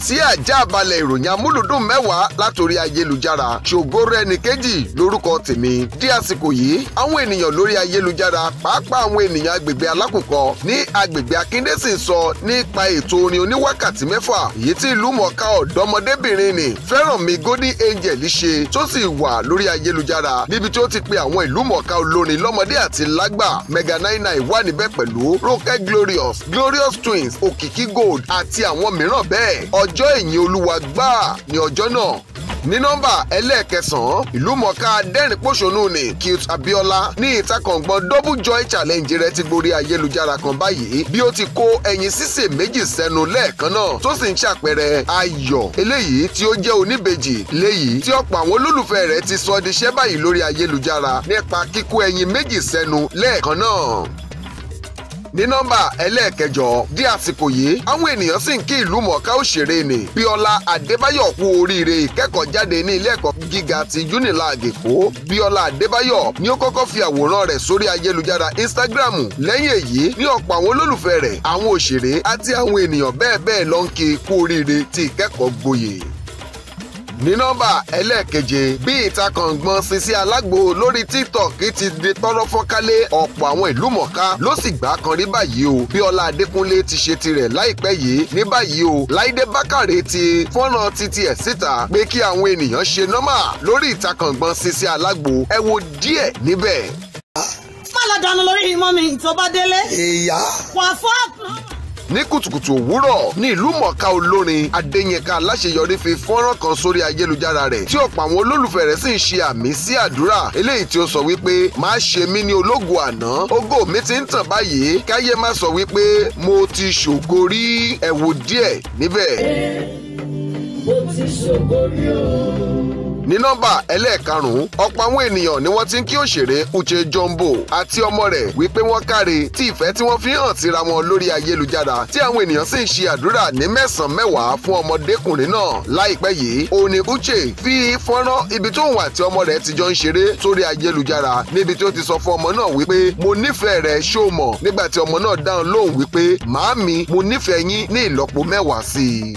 kàn sí àjàbalẹ̀ ìròyìn amúlùdùn mẹ́wàá látòrí ayélujára ṣògo rẹ̀ ní kejì lórúkọ tèmi di àsìkò yìí àwọn ènìyàn lórí ayélujára pàápàá àwọn ènìyàn agbègbè alákùkọ ní agbègbè akíndésì sọ nípa ètò orin oníwákàtí mẹ́fà èyí tí ìlú mọ̀ọ́ká ọ̀dọ́mọdébìnrin ni Fẹ́rànmi Golden Angel ṣe tó sì wà lórí ayélujára níbi tí ó ti pe àwọn ìlú mọ̀ọ́ká olórin lọ́mọdé àti lágbà Mega 99 wà níbẹ̀ pẹ̀lú Ronke Glorious Glorious Twins Òkìkí Gold àti àwọn mìíràn bẹ́ẹ̀ ọj ọjọ́ ìyìn olúwa gbáà ní ọjọ́ náà ní nọ́mbà ẹlẹ́ẹ̀kẹsàn-án ìlúmọ̀ọ́ká dẹ́rìn-pọ̀ṣónú ni cute abiola ní ìtakọ̀ngbọ̀n double joy challenge rẹ̀ ti gborí ayélujára kan báyìí bí ó ti kó ẹyin sísè méjì sẹ́nu lẹ́ẹ̀kan náà tó sì ń ṣàpẹẹrẹ ayọ̀ eléyìí tí ó jẹ́ oníbejì léyìí tí ọ̀pọ̀ àwọn olólùfẹ́ rẹ̀ ti sọ di báyìí lórí ayélujára nípa kíkó ẹyin méjì sẹ́nu lẹ́ẹ̀kan náà ní nọ́mbà ẹlẹ́ẹ̀kẹjọ di àsìkò yìí àwọn ènìyàn sì ń kí ìlú mọ̀ọ́ká òṣèré nì bíọ́lá adébáyọ̀ kú oríire ìkẹ́kọ̀ọ́ jáde ní ilé ẹ̀kọ́ gíga ti unilag èkó bíọ́lá adébáyọ̀ ni ó kọ́kọ́ fi àwòrán rẹ̀ sórí ayélujára instagram lẹ́yìn èyí ní ọ̀pọ̀ àwọn olólùfẹ́ rẹ̀ àwọn òṣèré àti àwọn ènìyàn bẹ́ẹ̀ bẹ́ẹ̀ ló ń kí kú oríire ti ìkẹ́kọ̀ọ́ gboyè ní nọ́mbà ẹlẹ́ẹ̀keje bí ìtakàngbọ̀n sisi alágbo lórí tiktok ti di tọ́rọ́ fọ́nkálé ọ̀pọ̀ àwọn ìlú mọ̀ká ló sì gbà kan rí báyìí o bí ọlá adékúnlé ti ṣe tirẹ̀ láìpẹ́ yìí ní báyìí o láìdé bákàrè ti fọ́nà titi ẹ̀ síta pé kí àwọn ènìyàn ṣe nọ́mà lórí ìtakàngbọ̀n sisi alágbo ẹ wo díẹ̀ níbẹ̀. má lọ dáná lórí ìmọ̀ mi tó bá délé. èèyà. wà fún àpò ní kùtùkùtù òwúrọ̀ ní ìlú mọ̀ọ́ká olórin adéyẹ̀ká aláṣeyọrí fi fọ́nrán kan sórí ayélujára rẹ̀ tí ọ̀pọ̀ àwọn olólùfẹ́ rẹ̀ sì ń ṣe àmì sí àdúrà eléyìí tí ó sọ wípé má ṣe mí ní ológo àná ògo mi ti ń tàn báyìí káyé má sọ wípé mo ti ṣògo rí díẹ̀ níbẹ̀. mo ti ṣògo o ní nọ́mbà ẹlẹ́ẹ̀karùn-ún ọ̀pọ̀ àwọn ènìyàn ni wọ́n ti ń kí òṣèré Uche jumbo àti ọmọ rẹ̀ wípé wọ́n káre tí ìfẹ́ tí wọ́n fi hàn síra wọn lórí ayélujára tí àwọn ènìyàn sì ń ṣe àdúrà ní mẹ́sàn-án fún ọmọdékùnrin náà láìpẹ́ yìí òní Uche fi fọ́nrán ibi tóun àti ọmọ rẹ̀ ti jọ ń ṣeré sórí ayélujára níbi tí ó ti sọ fún ọmọ náà wípé mo nífẹ̀ẹ́ rẹ ṣó mọ̀ nígbà tí ọmọ náà dáhùn lóhùn wípé màámi mo nífẹ̀ẹ́ yín ní ìlọ́po mẹ́wàá sí i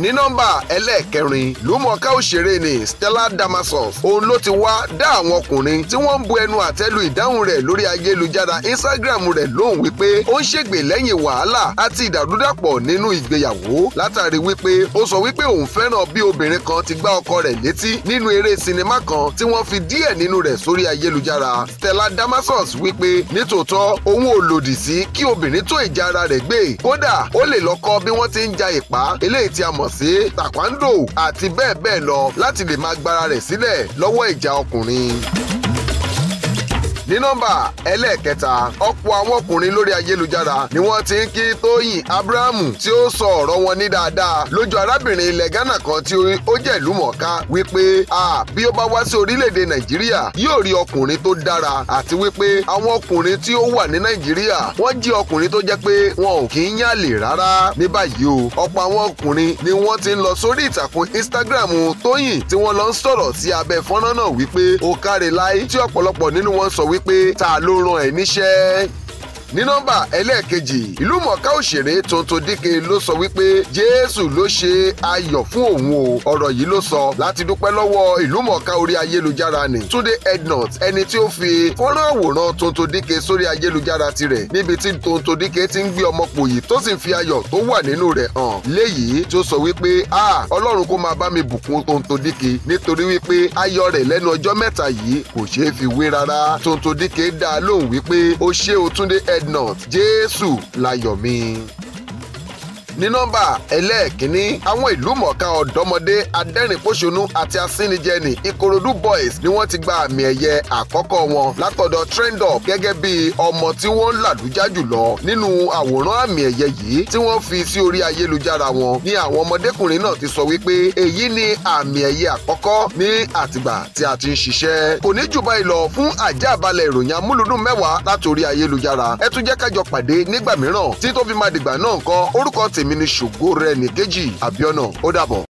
ní nọ́mbà ẹlẹ́ẹ̀kẹrin lùmọ̀ọ́ká òṣèré ni Stella Damasus òun ló ti wá dá àwọn ọkùnrin tí wọ́n ń bu ẹnu àtẹ́lu ìdáhùn rẹ̀ lórí ayélujára Instagram rẹ̀ lóhùn wípé ó ń ṣègbè lẹ́yìn wàhálà àti ìdàrúdàpọ̀ nínú ìgbéyàwó látàrí wípé ó sọ wípé òun fẹ́ràn bí obìnrin kan ti gbá ọkọ rẹ̀ létí nínú eré sinimá kan tí wọ́n fi díẹ̀ nínú rẹ̀ sórí ayélujára Stella Damasus wípé nítòótọ́ òun ò lòdì sí kí obìnrin tó ìjà ara rẹ̀ gbé kódà ó lè lọ kọ́ bí wọ́n ti ń ja ìpá eléyìí tí a àfọ̀sí taekwondo àti bẹ́ẹ̀ bẹ́ẹ̀ lọ láti lè máa gbára rẹ̀ sílẹ̀ lọ́wọ́ ìjà ọkùnrin ní nọ́mbà ẹlẹ́ẹ̀kẹta ọ̀pọ̀ àwọn ọkùnrin lórí ayélujára ni wọ́n ti ń kí Tóyìn Abrahamu tí ó sọ ọ̀rọ̀ wọn ní dáadáa lójú arábìnrin ilẹ̀ Ghana kan tí ó jẹ́ ìlú mọ̀ọ́ká wípé a bí ó bá wá sí orílẹ̀-èdè Nàìjíríà yóò rí ọkùnrin tó dára àti wípé àwọn ọkùnrin tí ó wà ní Nàìjíríà wọ́n jí ọkùnrin tó jẹ́ pé wọn ò kì í yàlè rárá ní báyìí o ọ̀pọ̀ àwọn ọkùnrin ni wọ́n ti ń lọ sórí ìtàkùn Instagram pé ta ló rán ẹ níṣẹ́ ní nọ́mbà ẹlẹ́ẹ̀kejì ìlúmọ̀ọ́ká òṣèré Tonto Dike ló sọ wípé Jésù ló ṣe ayọ̀ fún òun o ọ̀rọ̀ yìí ló sọ láti dúpẹ́ lọ́wọ́ ìlúmọ̀ọ́ká orí ayélujára ni Túndé Ednut ẹni tí ó fi fọ́nrán àwòrán Tonto Dike sórí ayélujára tirẹ̀ níbi tí Tonto Dike ti ń gbé ọmọpòyì tó sì ń fi ayọ̀ tó wà nínú rẹ̀ hàn léyìí tí ó sọ wípé a Ọlọ́run kó máa bá mi bùkún Tonto Dike nítorí wípé ayọ̀ rẹ̀ lẹ́nu ọjọ́ mẹ́ta yìí kò ṣeé fi wé rárá Tonto Dike dá lóhùn wípé ó ṣe o Túndé Ednut Dreadnought Jésù láyọ̀ mi ní nọ́mbà ẹlẹ́ẹ̀kínní àwọn ìlú mọ̀ọ́ká ọ̀dọ́mọdé adẹ́rìnpòṣónú àti asínijẹni Ìkòròdú boys ni wọ́n ti gba àmì ẹ̀yẹ àkọ́kọ́ wọn látọ̀dọ̀ trendup gẹ́gẹ́ bí ọmọ tí wọ́n ń làlújá jùlọ nínú àwòrán àmì ẹ̀yẹ yìí tí wọ́n fi sí orí ayélujára wọn ni àwọn ọmọdékùnrin náà ti sọ wípé èyí ni àmì ẹ̀yẹ àkọ́kọ́ ní àtìgbà tí a ti ń ṣiṣẹ́ kò ní jù báyìí lọ fún àjàbalẹ̀ ìròyìn amúlùdùn mẹ́wàá látòrí ayélujára ẹ tún jẹ́ ká jọ pàdé nígbà mìíràn tí tó fi tèmi ní ṣògo rẹ̀ nìkejì àbíọ́nà ó dàbọ̀.